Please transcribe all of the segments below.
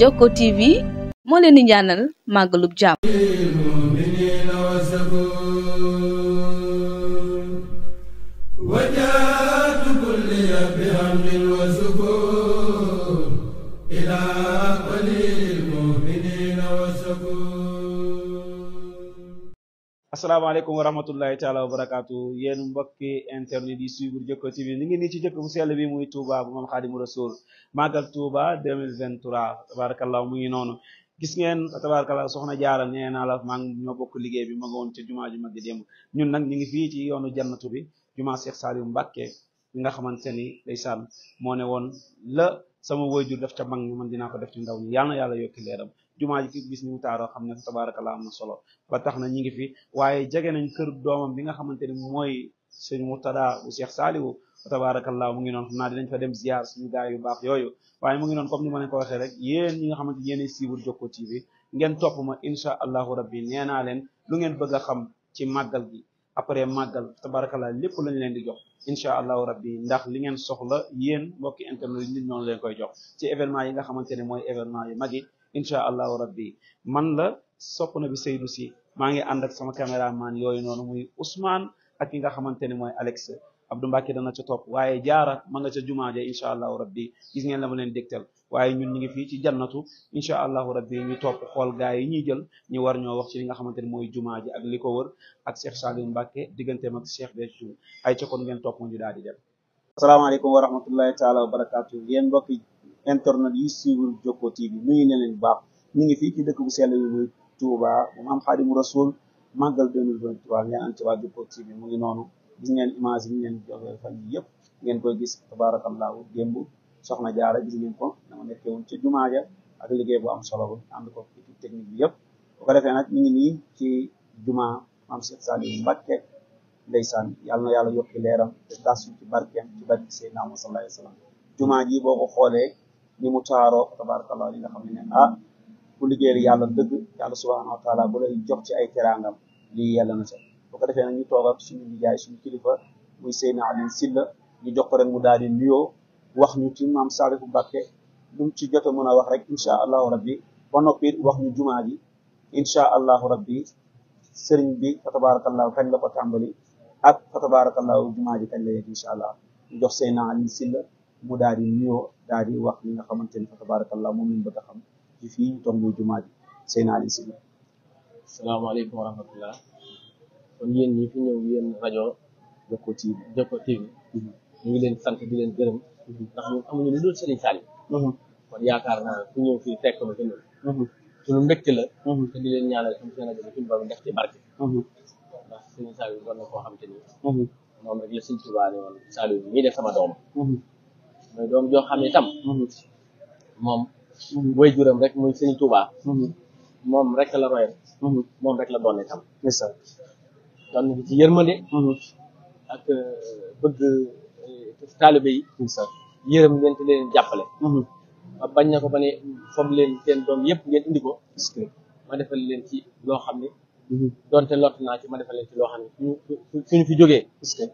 Jokko TV moo leen di ñaanal màggalub jàmm asalaamaaleykum wa rahmatullahi taala wa barakaatu yéen mbokki internet yi suivre Jokko TV ni ngi nii ci jëkk bu sell bi muy Touba bu moom Xaadimu Rasuul màggal Touba 2023 tabarakallah mu ngi noonu gis ngeen tabarakallah soxna Jaara nee naa la maa ngi ñoo bokk liggéey bi ma nga woon ca jumaa ju mag di démb ñun nag ñu ngi fii ci yoonu jannatu bi jumaa Cheikh Saliou yu bi nga xamante ni ndeysaan moo ne woon la sama waajur def ca mag ñi man dinaa ko def ci ndaw ñi yàlla na yàlla yokki jumaa ji ki gis ni mu taaroo xam ne fa tabaarakallaa am na solo ba tax na ñi ngi fi waaye jege nañ kër doomam bi nga xamante ni mooy sëñ Murtada bu Cheikh Saliou tabaarakallaa mu ngi noonu xam naa dinañ fa dem ziar suñu gaay yu baax yooyu waaye mu ngi noonu comme ni ma ne ko waxee rek yéen ñi nga xamante yéen ay siiwul Jokko TV ngeen topp ma incha allahu rabbi nee naa leen lu ngeen bëgg a xam ci màggal gi après màggal tabaarakallaa lépp lañ leen di jox incha allahu rabbi ndax li ngeen soxla yéen mbokki internet yi nit noonu leen koy jox ci événement yi nga xamante ne mooy événement yu mag yi incha allahu rabbi man la sopp na bi du si maa ngi ànd ak sama caméraman yooyu noonu muy Ousmane ak ki nga xamante ne mooy Alex Abdou Mbacke dana ca topp waaye jaara ma nga ca jumaa ja incha allahu rabbi gis ngeen la ma leen dégtal waaye ñun ñu ngi fii ci jannatu incha allahu rabbi ñu topp xool gaa yi ñuy jël ñu war ñoo wax ci li nga xamante ne mooy jumaa ji ak li ko wër ak Cheikh Saliou diggante digganteem ak Cheikh Béthio ay ca kon ngeen topp ñu daal di dem. internet yi suivre Jokko TV nuyu ngi leen baax ñu ngi fii ci dëkk bu sell bi muy Touba bu Maam Xaadimu Rasuul màggal 2023 ngeen am ci waa Jokko TV mu ngi noonu gis ngeen image yi ñu leen joxee fan yi yëpp ngeen koy gis tabaarakallaahu démb soxna jaara gis ngeen ko dama nekkee woon ca jumaa ja ak liggéey bu am solo bu ànd ko équipe technique bi yëpp bu ko defee nag ñu ngi nii ci jumaa maam Cheikh Saliou Mbacke ndeysaan yàlla na yàlla yokki leeram te tas ci barkeem ci barke Seydina Muhammad sallallahu alayhi wa boo xoolee ni mu taaroo tabarakallah li nga xam ne ah ku liggéeyal yàlla dëgg yàlla subhanahu wa bu lay jox ci ay teraangam lii yàlla na sa bu ko defee nag ñu toog ak suñu nijaay suñu kilifa muy Seyna Alioune ñu jox ko rek mu daal di nuyoo wax ñu ci maam Saalihu Mbàkke lu mu ci jot a wax rek incha allahu rabbi ba noppi wax ñu jumaa ji incha allahu rabbi sëriñ bi fa tabarakallahu kañ la ko tàmbali ak fa tabarakallahu jumaa ji ñu jox Seyna mu daal di nuyoo daal di wax li nga xamante ni fa tabarakallah moom lañ bëgg a xam ci fii ñu toog jumaa ji seen Aliou Sylla salaamaaleykum wa rahmatullah kon yéen ñi fi ñëw yéen rajo Jokko TV Jokko TV ngi leen sant di leen gërëm ndax ñun amuñu lu dul Serigne Saliou kon yaakaar naa ku ñëw fii fekk la koo xam te ni mhm. moom rek la Serigne Touba de sama doom mooy doom joo xam ni tam moom way juram rek muy Sëriñ Tuubaa moom rek la royal moom rek la doon itam ndeysaan doon ci yërmande ak euh, bëgg euh, taalibe yi ndeysaan yërëm leen te leen jàppale ba bañ na ko ba ne leen seen doom yëpp ngeen indi ko ma defal leen ci loo xam ne doonte lott naa ci ma defal leen ci xam ne suñu suñu jógee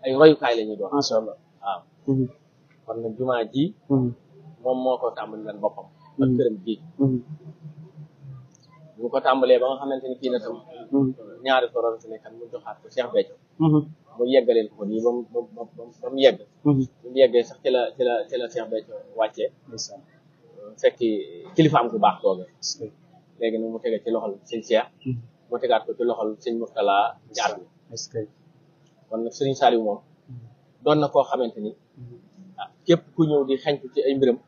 ay royukaay la ñuy doon insha waaw kon nag jumaa ji hmm. moom moo ko tàmbali lan boppam hmm. ak këram ji bu hmm. ko tàmbalee ba nga xamante ni kii na tam ñaari toroon fi nekkan mu joxaat ko Cheikh Béthio mu yeggaleen ko nii ba mu yegg bu mu yeggee sax ci la ci la ci la Cheikh Béthio fekki kilifaam bu baax toogee léegi nag mu tege ci loxol sëñ Cheikh mu tegaat ko ci loxol sëñ Mourtala Njaarami kon nag sëriñ Saliou moom doon na koo xamante ก็บคุยูดีแข่งที่ไอ้บริม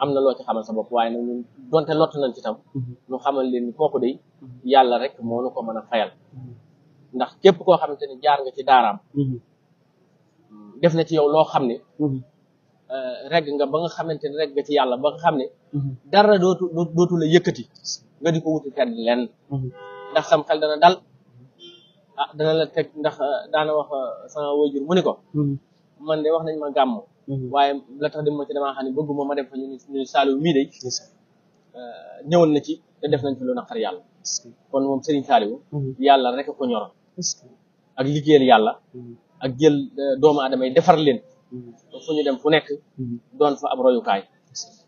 อำนาจจะทำมันสำหรับวายนั้นดวนทะลุทันจะทำนกขามันเรียนก็คุยยาละเร็กมองนกมันอ่ะเฟลนักเก็บก็ขามันจะนิยามกันที่ดารามเดฟเนที่เอาล้อขามนี่เร็กงั้นบังขามันจะเร็กกันที่ยาละบังขามนี่ดาราดูดูดูทุเลยกติก็ดีกู่าที่แค่เล่นักสำคัญดันดัลดันละเทคนักดานว่าสังเวยจุลมุนิก็ man de wax nañ ma gàmm mhm. waaye la dem ma ci damaa xam ne bëgguma ma dem fa ñu ñu Saliou mii de euh, ñëwoon na ci te def nañ fi lu xar yàlla kon moom Serigne Saliou mhm. yàlla rek ko ñoroon ak liggéeyal yàlla mhm. ak jël euh, doomu adama yi defar leen fu ñu dem fu nekk doon fa ab royukaay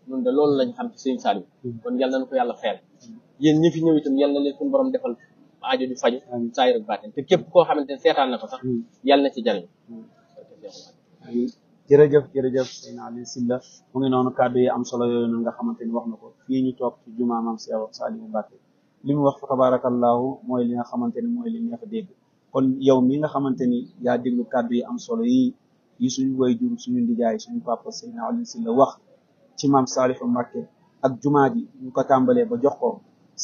ñun loolu lañ xam ci Serigne Saliou kon yàlla nañ ko yàlla feel yéen ñi fi ñëw itam yàlla na leen suñu borom defal aajo ju faju saayir te képp koo xam ne seetaan na ko sax yàlla na ci jariñ jërëjëf jërëjëf Seydina Aliou Sylla mu ngi noonu kàddu yi am solo yooyu noonu nga xamante ni wax na ko fi ñu toog ci jumaa maam Cheikh Saliou Mbacké li mu wax fa tabarakallahu mooy li nga xamante ni mooy li neex a dégg kon yow mi nga xamante ni yaa déglu kàddu yi am solo yi yi suñu waajur suñu ndijaay suñu papa Seydina Aliou Sylla wax ci maam Saliou Mbacké ak jumaa ji ñu ko tàmbalee ba jox ko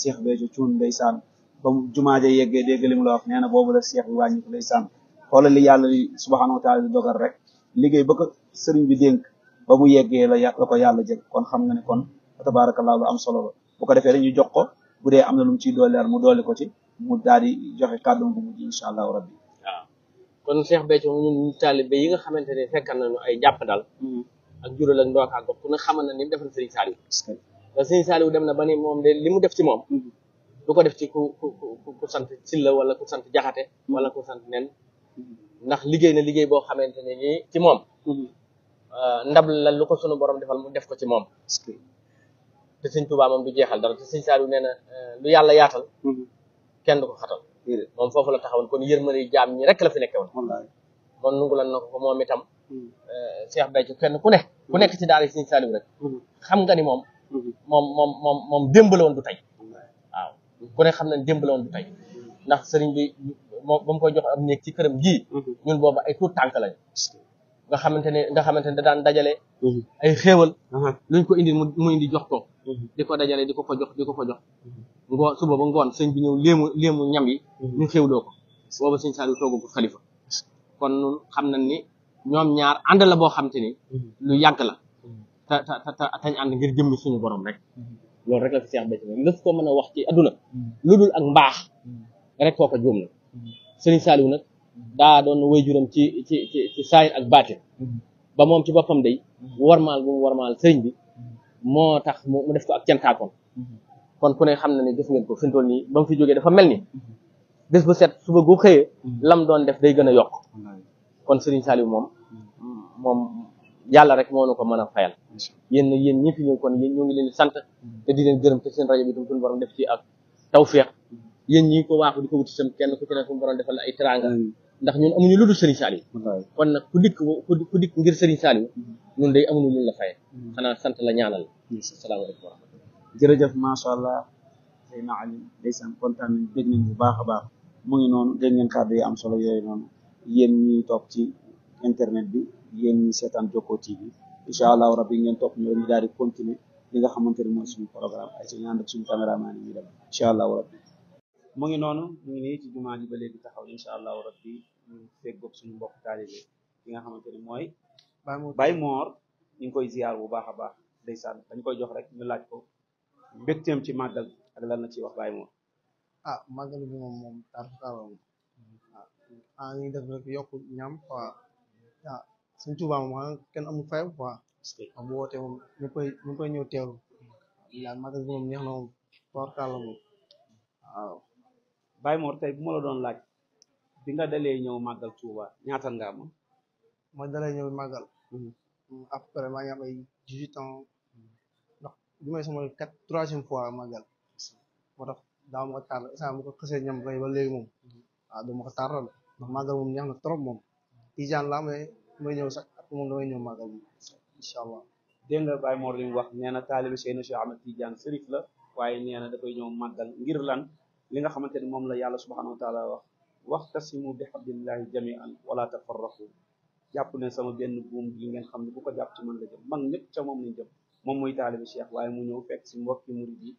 Cheikh Béthio Thioune ndeysaan ba jumaa ja yeggee dégg li mu la wax nee na boobu la Cheikh bi wàññi ko ndeysaan xoolal li yàlla subhanahu rek liggéey ba ko sëriñ bi dénk ba mu yeggee la la ko yàlla jël kon xam nga ne kon tabaarakallaa lu am solo la bu ko defee rek ñu jox ko bu dee am na lu mu ciy dooleer mu doole ko ci mu daal di joxe kàddu incha allahu kon Cheikh Béthio ñun taalibe yi nga xamante ne fekkan nañu ay jàpp dal mm-hmm. ak jural ak ndox ak gox ku xamal na ni mu defal Serigne Saliou te dem na ba moom de li mu def ci moom mm-hmm. du ko def ci ku ku ku sant Silla wala ku sant Jaxate mm-hmm. wala ku sant nen ndax liggéey na liggéey boo xamante ne nii ci moom mhm. euh, ndab la lu ko sunu borom defal mu def ko ci moom te sëñ Tuubaa moom du jeexal dara te sëñ Saaliw nee na euh, lu yàlla yaatal mhm. kenn du ko xatal moom foofu la taxawoon kon yërmande jaam ñi rek la fi nekke woon moom nungu lan na moom itam Cheikh mhm. Béthio kenn ku ne ku nekk ci daara yi sëñ Saaliw rek xam nga ni moom moom moom moom moom démb woon du tey waaw ku ne xam na démb la woon du tey ndax sëriñ bi ba mu koy jox am nek ci kërëm gi mhm. ñun boobu ay tout tank lañ nga xamantene nga xamantene da daan dajale mhm. ay xéewal uh-huh. luñ ko indi mu indi jox ko mhm. diko ko dajale di ko jox diko ko jox ngo suba ba ngon señ bi ñew lemu lemu ñam yi ñu do ko señ sëñ togo ko khalifa kon nun xam nañ ni ñom ñaar ànd la bo xamante lu yag la ta ta ta tañ and ngir jëmmi suñu borom rek lool rek la fi Cheikh Béthio lëf ko mëna wax ci aduna lu dul ak mbax rek kooko juum la Serigne Saliou nag daa doon waajuram ci ci ci ci saayir ak baatin ba moom ci boppam day warmaal bu mu warmaal sëriñ bi moo tax mu def ko ak cantaakoon kon ku ne xam na ne gis ngeen ko fi nii ba mu fi jógee dafa mel ni bés bu set suba gu xëyee lam doon def day gën a yokk kon Serigne Saliou moom moom yàlla rek moo nu ko mën a fayal yéen yéen ñi fi ñëw kon yéen ñoo ngi leen sant te di leen gërëm te seen rajo bi tam suñu borom def ci ak tawféex yéen ñi ko waaxu di ko wuti sam kenn ku ci ne fu mu borom defal la ay teraanga mm. ndax ñun amuñu lu dul Serigne Saliou kon nag ku dikk ku dikk ngir Serigne Saliou mm. ñun day amuñu lu la faye mm. xanaa sant la ñaanal asalaamaaleykum wa rahmatulah jërëjëf macha allah Seyna Ali ndeysaan kontaan bu baax a baax mu ngi noonu dégg ngeen kàddu yi am solo yooyu noonu yéen ñi toog ci internet bi yéen ñi seetaan Jokko TV incha allahu rabbi ngeen topp ñu daal di continuer li nga xamante ne mooy suñu programme ay suñu ànd ak suñu caméraman yi ñu dem incha allahu rabbi mu ngi noonu ngi nii ci jumaa ji ba léegi taxaw incha allahu rabbi ñu feggoog suñu mbokk taalibe yi nga xamante ni mooy Baay Moor ñu ngi koy ziyaar bu baax a baax ndeysaan dañ koy jox rek ñu laaj ko mbégteem ci màggal ak lan la ciy wax Baay Moor ah màggal bi moom moom tarfukala moom ngi def rek yokk ah, moom a ah, bu wootee moom ñu koy ñu koy ñëw teewlu daal mm. màggal bi moom neex na moom tarfukala moom waaw bay Mor tay buma la doon laaj bi nga dalé ñew magal Touba ñaata nga mhm. mm, am. mo dalé ñew magal après ma ñam ay 18 ans ndax bi may sama quatre troisième fois magal moo tax daaw ma ko tàrral instant mhm. ah, ma ko xese ñam ray ba légui mom ah do dama ko tàrral ndax magal mom ñam na trop mom tijan la may may ñew sax ak mom dama ñew magal inshallah de nga bay Mor li wax neena talib taalibi Cheikh Ahmed tijan Serif la waye neena da koy ñew magal ngir lan li nga xamanteni ni la yalla subhanahu wa taala wax waxtasimu bi hablillahi jami'an wala tafarraqu japp ne sama benn buum bi ngeen xamni bu ko japp ci man la jëm mag ñëpp ca mom lañ jëm mom moy talib cheikh waye mu ñew fekk ci mbokki murid yi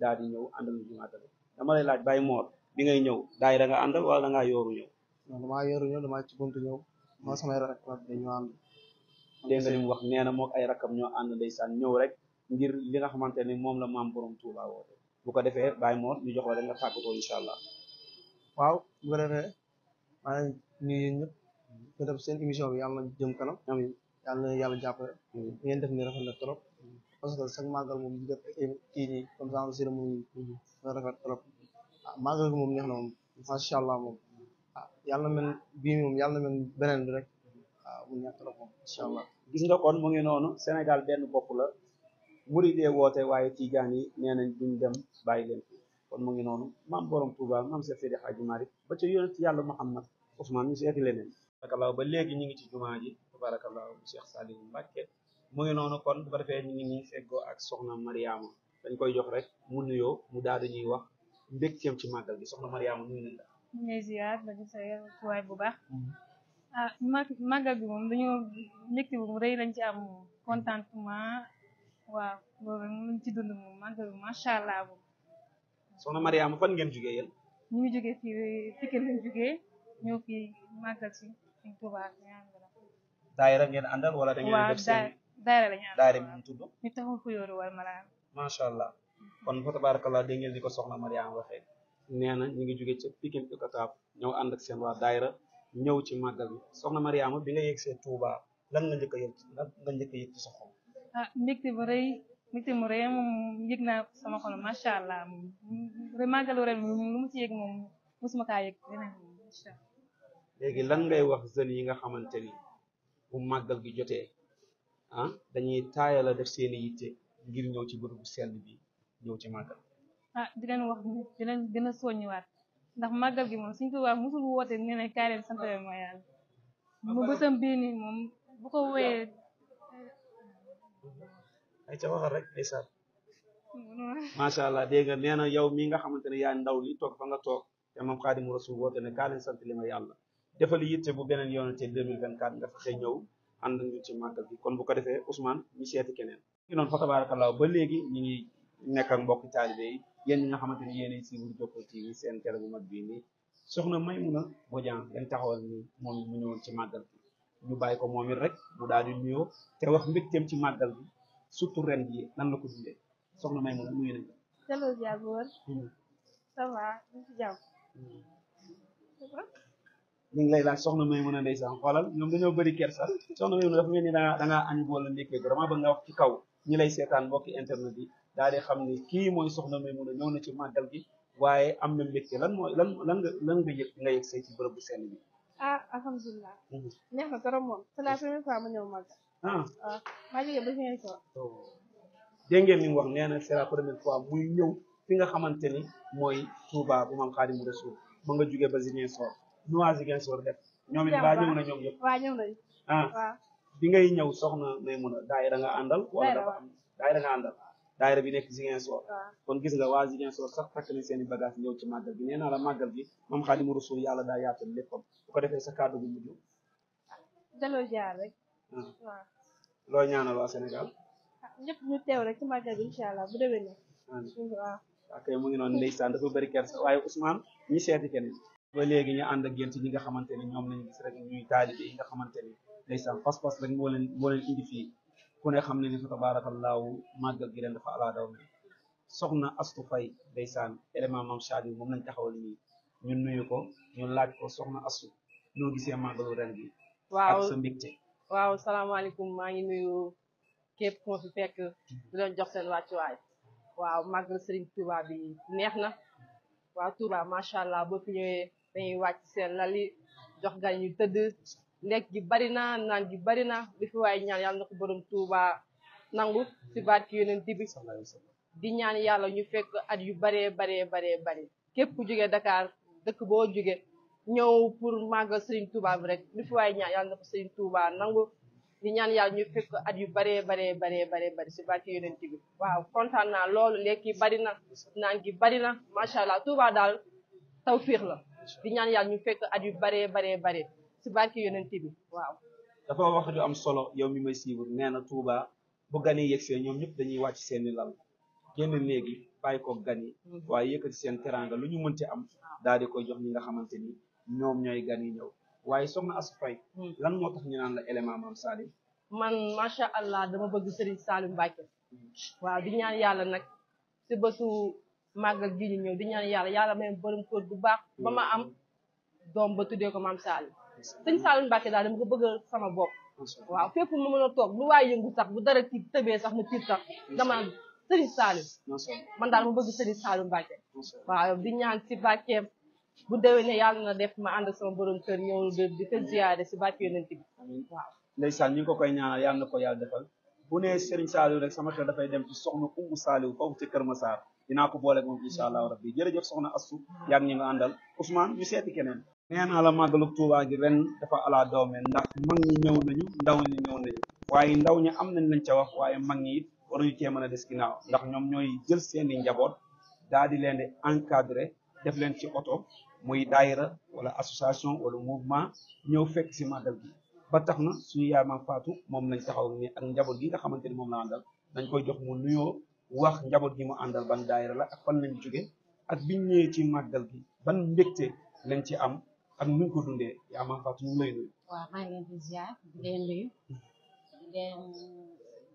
daal di ñew andal ñu àndal dama lay laaj bàyyi moor bi ngay ñew daay da nga andal wala nga yoru ñew non damaa yooru ñëw damaa ci buntu sama moo samay rakab dañu ànd dégg nga lim wax neena na ay rakam ñoo and ndeysaan ñew rek ngir li nga xamanteni ni la mam borom touba woote bu ko defee bàyyi moor ñu jox la rek nga tàggatoo incha allah. waaw bu ko maa ngi ñëpp seen émission bi yàlla jëm kanam. amiin yàlla na yàlla def ni rafet parce que chaque màggal moom ñu kii nii na rafet trop ah màggal gi moom neex na macha allah moom. ah yàlla na mel bii moom yàlla na mel beneen bi rek. waaw ah, mu neex trop moom incha allah. gis nga kon ngi noonu Sénégal benn bopp la. murid yi woote waaye tiijaan yi nee nañ duñ dem bàyyi leen fi kon mu ngi noonu maam borom Touba maam Seex Seydi Xaaji Maalik ba ca yonent yàlla Muhammad Ousmane ñu seeti leneen ba léegi ñu ngi ci jumaa ji barakallahu Cheikh Saliou Mbacke mu ngi noonu kon bu ko ñu ngi nii feggoo ak soxna Mariama dañ koy jox rek mu nuyoo mu daal di ñuy wax mbégteem ci màggal gi soxna Mariama nuyu nañ la ñu ngi sa tuwaay bu baax mm-hmm. ah màggal gi rëy lañ ci am contentement waaw loolu rek lañ ci dund allah moom. soxna Mariama fan ngeen jugee yéen. ñu ngi lañ si suñ Touba ñaan la. daayira ngeen àndal wala da ngeen def seen. daayira la ñu daayira ñu tudd. ñu taxul fu yooru wal allah kon fa tabarakallah dégg ngeen ni ko soxna Mariama waxee. nee na ñu ngi jugee ca Pikine Icotaf ñëw ànd ak seen waa daayira ñëw ci màggal soxna Mariama bi nga yegg Touba lan nga njëkk a lan nga ci ah mbégte ma rëy mbégte mu rëy moom yëg naa sama xol macha allah moom màggalu ren moom lu mu ci yëg moom mosuma kaa yëg léegi lan ngay wax jeunes yi nga xamante ni bu màggal gi jotee ah dañuy taayal a def seeni yitte ngir ñëw ci bërëbu sell bi ñëw ci màggal. ah di leen wax di leen gën a soññiwaat ndax màggal gi moom suñ ko waa musul woote nee na kaay leen sant ma yàlla mu bësam moom bu ko wooyee. ay ca waxal rek ay sar macha allah dégg nga nee na yow mii nga xamante ne yaa ndaw li toog fa nga toog te moom xaadimu rasul woote ne kaa leen sant li ma yàlla defal yitte bu beneen yoonante 2024 nga fexe ñëw ànd ñu ci màggal bi kon bu ko defee Ousmane ñu seeti keneen ngi noonu fa tabaarakallaa ba léegi ñu ngi nekk mbokk mbokki taalibe yi yéen ñi nga xamante ne yéenay si wur Jokko seen télé bu mag bii nii soxna Maymuna Bodian leen taxawal ni moom mu ñëwoon ci màggal ñu bàyyi ko moom rek mu daal di nuyoo te wax mbégteem ci màggal bi surtout ren bi nan la ko dundee soxna may moom nuyu nañ Hello mm. ñu ngi lay laaj soxna may mën a ndeysaan xoolal ñoom dañoo bëri kersa soxna may mën a dafa mel ni daa da ngaa añ wala ndékkee ba nga wax ci kaw ñi lay seetaan mbokki internet bi daal di xam ni kii mooy soxna may mën a ñëw na ci màggal gi waaye am na mbégte lan mooy lan lan nga lan nga yëg nga yëg say ci bërëb bu seen bi ah alhamdulilah. Mm. neex na trop moom c'est la première fois ma ñëw Malta. ah waaw ah, maa ba fi ngeen soor. dégg ngeen li mu wax nee na fois muy ñëw fi nga xamante ni mooy Touba bu maam Xaadimu Rasuul ma nga jógee ba Ziguinchor nuwaa Ziguinchor def. ñoom it waa ñëw na ñoom ñëpp ah. waaw ah bi ngay ñëw soxna Maymuna daayira nga àndal. wala dafa am daayira nga àndal. daayira bi nekk Ziguinchor kon gis nga waa Ziguinchor sax takk nañ seen i bagage ñëw ci màggal bi nee naa la màggal gi moom Xaadimu Rasuul yàlla daa yaatal léppam bu ko defee sa kàddu gu mujj daloo ah. waaw looy ñaanal waa Sénégal ah, ñëpp ñu teew rek ci màggal bi incha allah bu déwéne waaw ok mu ngi noonu ndeysaan dafa bari kersa waaye Ousmane ñi seeti keneen ba léegi ñu ànd ak yéen ci ñi nga xamante ni ñoom lañu gis rek ñuy taalibe yi nga xamante ni ndeysaan pas-pas rek moo leen moo leen ku ne xam ne ni fa tabaarakallaahu màggal gi ren dafa alaa daw soxna Astu Fay ndeysaan élément Maam Saadi moom lañ taxawal nii ñu nuyu ko ñu laaj ko soxna Astu noo gisee màggalu ren bi waaw ak sa salaamaaleykum maa ngi nuyu képp ku fi fekk di jox seen wàccuwaay waaw màggal Sëriñ Touba bi neex na waaw Touba macha allah boo fi ñëwee dañuy wàcc seen lali jox gan ñu tëdd lekk gi bari na naan gi bari na li fi waaye yàlla na ko Touba nangu si yo yonent bi di ñaan yàlla ñu fekk at yu baree baree baree bari képp ku jóge Dakar dëkk boo jóge ñëw pour màggal Serigne Touba bi rek li fi waaye ñaan yàlla na ko Serigne Touba di ñaan yàlla ñu fekk at yu baree baree baree baree bari si barke yonent bi waaw kontaan naa loolu lekk yi bari na naan gi bari na macha allah Touba daal tawfiix la di ñaan yàlla ñu fekk at yu baree baree baree si barke yonente bi waaw dafa wax ju am solo yow mi may suivre nee na Touba bu gan yi yegsee ñoom ñëpp dañuy wàcc seeni lal génn léegi bàyyi ko gan yi mhm. waaye yëkkati seen teranga lu ñu mënti am daal di koy jox ñi nga xamante ni ñoom ñooy gan ñëw waaye soxna Astou Faye mhm. lan moo tax ñu naan la élément maam Salim man macha allah dama bëgg Serigne Salim Mbacke mhm. waaw di ñaan yàlla nag si bësu màggal gi ñu ñëw di ñaan yàlla yàlla may borom kër bu baax ba ma am doom ba tuddee ko sëñ Saalum Mbàkke daal dama ko bëggal sama bopp waaw fépp mu mën a toog lu waay yëngu sax bu dara ci tëbee sax mu tiit sax dama sëriñ Saalum man daal ma bëgg sëriñ Saalum Mbàkke waaw di ñaan si bàckeem bu déwee ne yàlla na def ma ànd ak sama borom kër ñëw di ko ziyaare si bàcke yonent bi waaw ndeysaan ñu ko koy ñaanal yàlla na ko yàlla defal bu nee sëriñ Saliou rek sama xel dafay dem ci soxna Oumou Saliou foofu ci Kër Massar dinaa ko boole moom incha allahu rabbi jërëjëf soxna Astou yàgg ñu nga àndal Ousmane ñu nee naa la màggalu Tuubaa gi ren dafa alaa doome ndax mag ñi ñëw nañu ndaw ñu ñëw nañu waaye ndaw ñi am nañ lañ ca wax waaye mag ñi it waruñu mën a des ginnaaw ndax ñoom ñooy jël seeni njaboot daal di leen di encadré def leen ci oto muy daayira wala association wala mouvement ñëw fekk si màggal gi ba tax na suñu yaay maam Faatu moom lañ taxaw ni ak njaboot gi nga xamante ni moom la àndal dañ koy jox mu nuyoo wax njaboot gi mu àndal ban daayira la ak fan lañ jóge ak biñ ñëwee ci màggal gi ban mbégte lañ ci am ak nuñ ko dundee yaa maam Fatou ñu ngi lay nuyu. maa ngi leen di ziar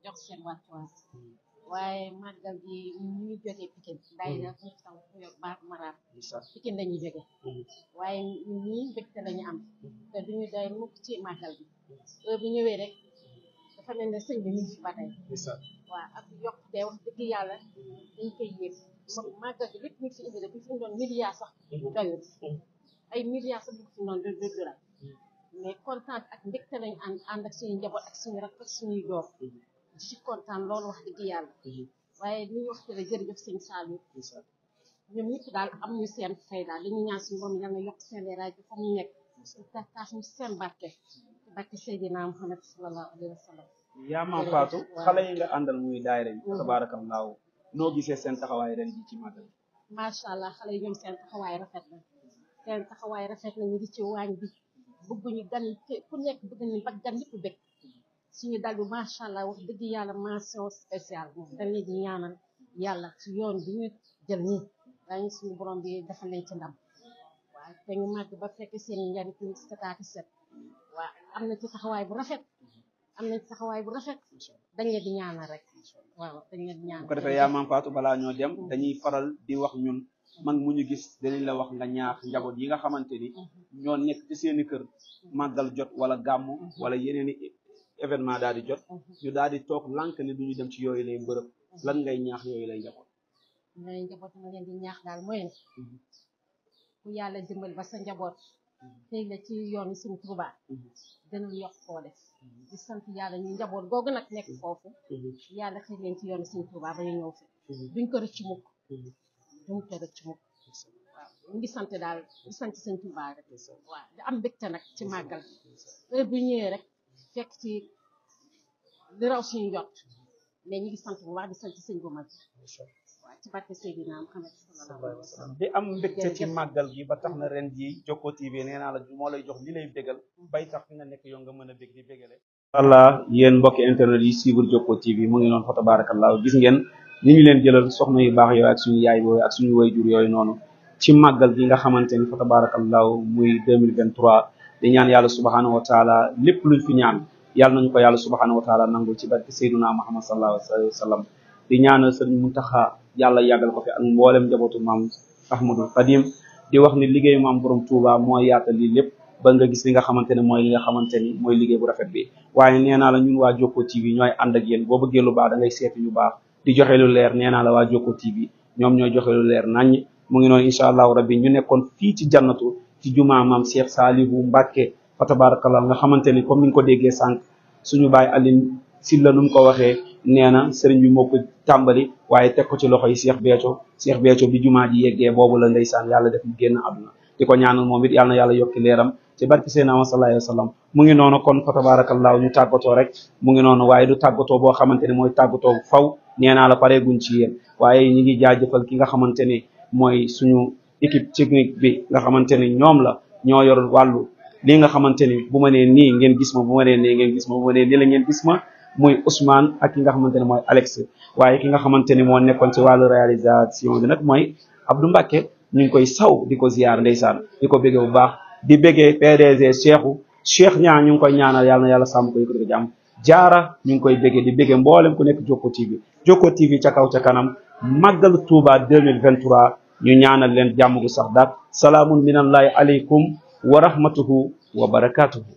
jox seen wàccuwaay hmm. waaye màggal gi ñu ngi hmm. jógee Pikine day na fu taw yo baar maraat am hmm. te duñu ci màggal bi ñëwee rek dafa mel ne sëñ bi ñu ngi ba tey waaw ak yokkute wax dëgg yàlla dañ koy yépp moom gi lépp ñu fi indi rek bi fi ñu ay milliards sa bëgg fi noonu de de la mais kontaan ak mbégte lañ ànd ànd ak suñuy njaboot ak suñu rak ak suñuy doom hmm. di ci kontaan loolu wax dëgg yàlla hmm. waaye li ñu wax ci la jërëjëf sëñ Saliou ñoom daal am ñu seen fay daal li seen leeraay bi nekk ta taas ñu seen barke barke Seydina Muhammad sallallahu alayhi wa sallam yaa maam Fatou xale yi nga àndal muy daayira bi mhm. tabaarakallaahu noo gisee seen taxawaay ren xale yi ñoom rafet na seen taxawaay rafet na ñu ngi ci waañ bi bëgguñu gan ku nekk bëgg ni ba gan yëpp bëgg suñu dal bi allah wax dëgg yàlla mention spéciale moom dañ leen di yoon bi ñu jël nii suñu borom bi dafa leen ci ndam waaye te ñu màgg ba fekk seen njariñ setaati set waa am na ci taxawaay bu rafet am na ci taxawaay bu rafet dañ di ñaanal rek waaw dañ di ñaanal bu ko defee yaa maam Fatou balaa ñoo dem dañuy faral di wax ñun man mu ñu gis danañ la wax nga ñaax njaboot yi nga xamante ni mhm. ñoo nekk ci seeni kër màggal jot wala gàmmu mhm. wala yeneen i événement daal di jot mhm. ñu daal di toog lànk ne du ñu dem ci yooyu lay mbërëb lan ngay ñaax yooyu lay njaboot ngay njaboot ma leen ñaax daal mooy ne ku yàlla dimbal ba sa njaboot tey la ci yoonu suñu Tuuba dana yokk koo def di sant yàlla ñu njaboot googu nag nekk foofu yàlla xëy leen ci yoonu suñu Tuuba ba ñu ñëw fi duñ ko rëcc mukk bu mu tere ngi sante daal di am mbégte nag ci màggal heure bu rek fekk ci li raw suñu njot mais ñu ngi sant bu baax di sant sëñ bu mag waaw ci am mbégte ci màggal gi ba tax na ren ji Jokko TV nee la moo lay jox li lay bégal mm-hmm. bay tax fi nga nekk yow nga mën a bég di bégale. incha allah yen mbokki internet yi suivre Jokko TV mu ngi noonu fa tabarakallah gis ngeen. ñu ngi leen jëlal soxna yu baax yooyu ak suñu yaay yooyu ak suñu yooyu noonu ci màggal gi nga xamante ni fa tabarakallahu muy 2023 di ñaan yàlla subhanahu wa taala lépp luñ fi ñaan yàlla nañu ko yàlla subhanahu wa taala nangul ci barke sayyiduna muhammad sallallahu alayhi wa sallam di ñaanal mu tax yàlla yàggal ko fi ak mboolem njabootu maam ahmadul Khadim di wax ni liggéeyu maam borom Touba mooy yaata lii lépp ba nga gis li nga xamante ne mooy li nga xamante ni mooy liggéey bu rafet bi waaye nee naa la ñun waa Jokko TV ñooy ànd ak yéen boo bëggee lu baax da ngay seeti yu baax di joxe lu leer nee naa la waa Jokko TV ñoom ñooy joxe lu leer naññ mu ngi noonu incha allahu rabbi ñu nekkoon fii ci jannatu ci jumaa maam Cheikh Salihu Mbacke fa tabarakallah nga xamante ne comme ni nga ko déggee sànq suñu baay Alioune Sylla nu mu ko waxee nee na sëriñ bi moo tàmbali waaye teg ko ci loxo yi Cheikh Béthio Cheikh Béthio bi jumaa ji yeggee boobu la ndeysaan yàlla def mu génn àdduna di ko ñaanal moom it yàlla na yàlla yokki leeram ci barki seen ama sallallahu alayhi wa sallam mu ngi noonu kon fa tabarakallah ñu tàggatoo rek mu ngi noonu waaye du tàggatoo boo xamante ne mooy tàggatoo faw nee naa la pareeguñ ci yéen waaye ñi ngi jaajëfal ki nga xamante ni mooy suñu équipe technique bi nga xamante ni ñoom la ñoo yor wàllu li nga xamante ni bu ma nee nii ngeen gis ma bu ma nee nii gis ma bu ma nee nii la ngeen gis ma muy Ousmane ak ki nga xamante ne mooy Alex waaye ki nga xamante ni moo nekkoon si wàllu réalisation bi nag mooy Abdou Mbacke ñu ngi koy saw di ko ziyaar ndeysaan di ko béggee bu baax di béggee PDG Cheikhou Cheikh ñaan ñu ngi koy ñaanal yàlla yàlla sàmm ko jàmm jaara ñu ngi koy béggee di béggee mboolem ku nekk Jokko TV Jokko TV ca kaw ca kanam màggalu Tuuba 2023 ñu ñaanal leen jàmm gu sax daat salaamun minallahi aleykum wa rahmatuhu wa barakatuhu